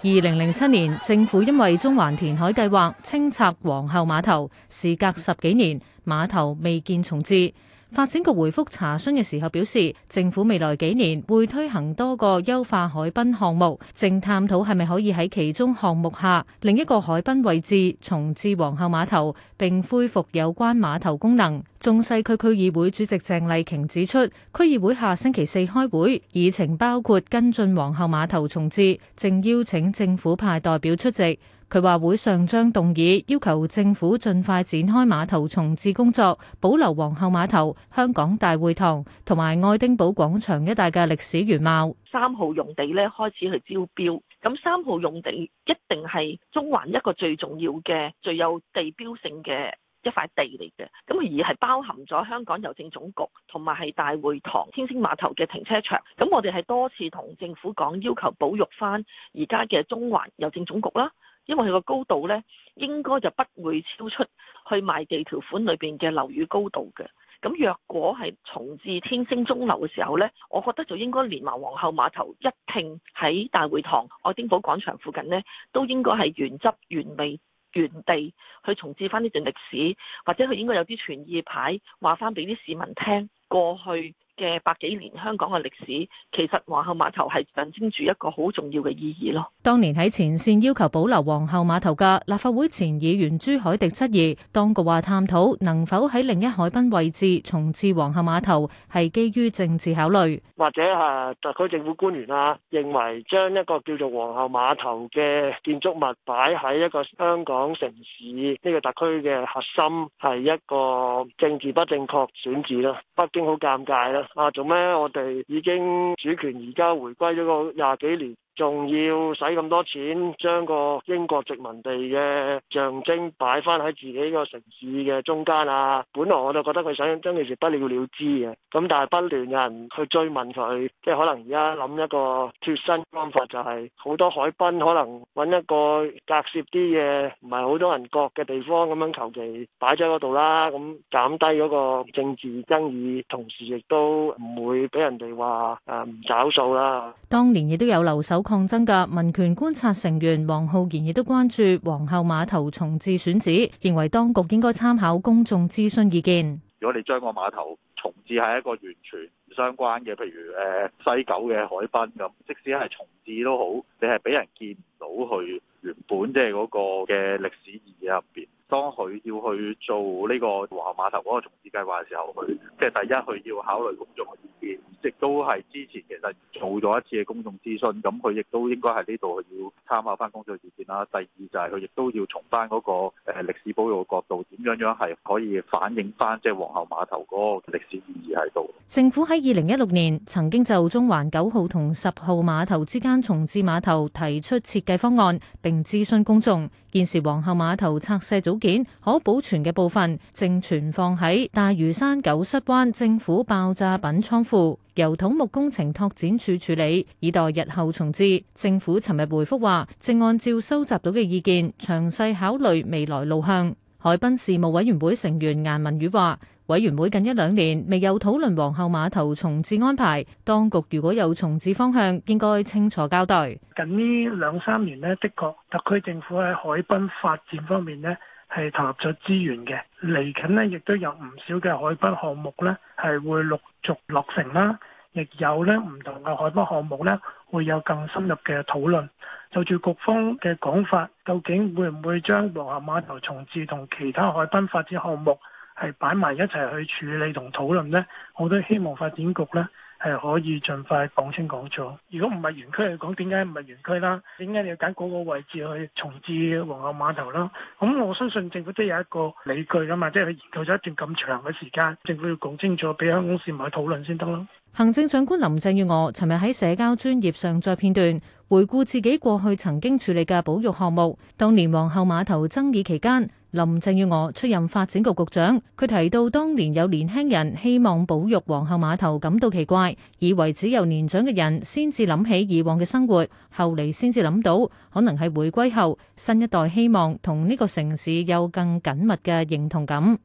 二零零七年，政府因為中環填海計劃清拆皇后碼頭，時隔十幾年，碼頭未見重置。發展局回覆查詢嘅時候表示，政府未來幾年會推行多個優化海濱項目，正探討係咪可以喺其中項目下另一個海濱位置重置皇后碼頭，並恢復有關碼頭功能。中西區區議會主席鄭麗瓊指出，區議會下星期四開會，議程包括跟進皇后碼頭重置，正邀請政府派代表出席。佢話：會上將，動議要求政府盡快展開碼頭重置工作，保留皇后碼頭、香港大會堂同埋愛丁堡廣場一帶嘅歷史原貌。三號用地咧開始去招標，咁三號用地一定係中環一個最重要嘅、最有地標性嘅一塊地嚟嘅。咁而係包含咗香港郵政總局同埋係大會堂、天星碼頭嘅停車場。咁我哋係多次同政府講，要求保育返而家嘅中環郵政總局啦。因為佢個高度呢，應該就不會超出去賣地條款裏邊嘅樓宇高度嘅。咁若果係重置天星鐘樓嘅時候呢，我覺得就應該連埋皇后碼頭一並喺大會堂愛丁堡廣場附近呢，都應該係原汁原味原地去重置翻呢段歷史，或者佢應該有啲傳意牌話翻俾啲市民聽過去。嘅百幾年香港嘅歷史，其實皇后碼頭係象徵住一個好重要嘅意義咯。當年喺前線要求保留皇后碼頭嘅立法會前議員朱凱廸質疑，當局話探討能否喺另一海濱位置重置皇后碼頭，係基於政治考慮，或者係特區政府官員啊，認為將一個叫做皇后碼頭嘅建築物擺喺一個香港城市呢個特區嘅核心，係一個政治不正確選址啦。北京好尷尬啦。啊！做咩？我哋已經主權而家回歸咗個廿幾年。仲要使咁多錢將個英國殖民地嘅象徵擺翻喺自己個城市嘅中間啊！本來我就覺得佢想將件事不了了之嘅，咁但係不斷有人去追問佢，即係可能而家諗一個脫身方法，就係，就係好多海濱可能揾一個隔涉啲嘢，唔係好多人覺嘅地方咁樣求其擺咗嗰度啦，咁減低嗰個政治爭議同時亦都唔會俾人哋話誒唔找數啦。當年亦都有留守抗爭嘅民權觀察成員黃浩然亦都關注皇后碼頭重置選址，認為當局應該參考公眾諮詢意見。如果你將個碼頭重置喺一個完全唔相關嘅，譬如誒、呃、西九嘅海濱咁，即使係重置都好，你係俾人見唔到佢原本即係嗰個嘅歷史意義入邊。當佢要去做呢個皇后碼頭嗰個重置計劃嘅時候，佢即係第一，佢要考慮公眾。亦都係之前其實做咗一次嘅公眾諮詢，咁佢亦都應該係呢度要參考翻公眾意見啦。第二就係佢亦都要從翻嗰個誒歷史保育角度，點樣樣係可以反映翻即係皇后碼頭嗰個歷史意義喺度。政府喺二零一六年曾經就中環九號同十號碼頭之間重置碼頭提出設計方案，並諮詢公眾。現時皇后碼頭拆卸組件可保存嘅部分，正存放喺大嶼山狗虱灣政府爆炸品倉庫，由土木工程拓展處處理，以待日後重置。政府尋日回復話，正按照收集到嘅意見，詳細考慮未來路向。海濱事務委員會成員顏汶羽話。委員會近一兩年未有討論皇后碼頭重置安排，當局如果有重置方向，應該清楚交代。近呢兩三年呢，的確特區政府喺海濱發展方面呢係投入咗資源嘅，嚟緊呢，亦都有唔少嘅海濱項目呢係會陸續落成啦，亦有呢唔同嘅海濱項目呢會有更深入嘅討論。就住局方嘅講法，究竟會唔會將皇后碼頭重置同其他海濱發展項目，係擺埋一齊去處理同討論呢，我都希望發展局呢係可以盡快講清講楚。如果唔係原區嚟講，點解唔係原區啦？點解你要揀嗰個位置去重置皇后碼頭啦？咁我相信政府都有一個理據噶嘛，即係佢研究咗一段咁長嘅時間，政府要講清楚，俾香港市民討論先得咯。行政長官林鄭月娥尋日喺社交專業上載片段，回顧自己過去曾經處理嘅保育項目。當年皇后碼頭爭議期間，林鄭月娥出任發展局局長，佢提到當年有年輕人希望保育皇后碼頭感到奇怪，以為只有年長嘅人先至諗起以往嘅生活，後嚟先至諗到可能係回歸後新一代希望同呢個城市有更緊密嘅認同感。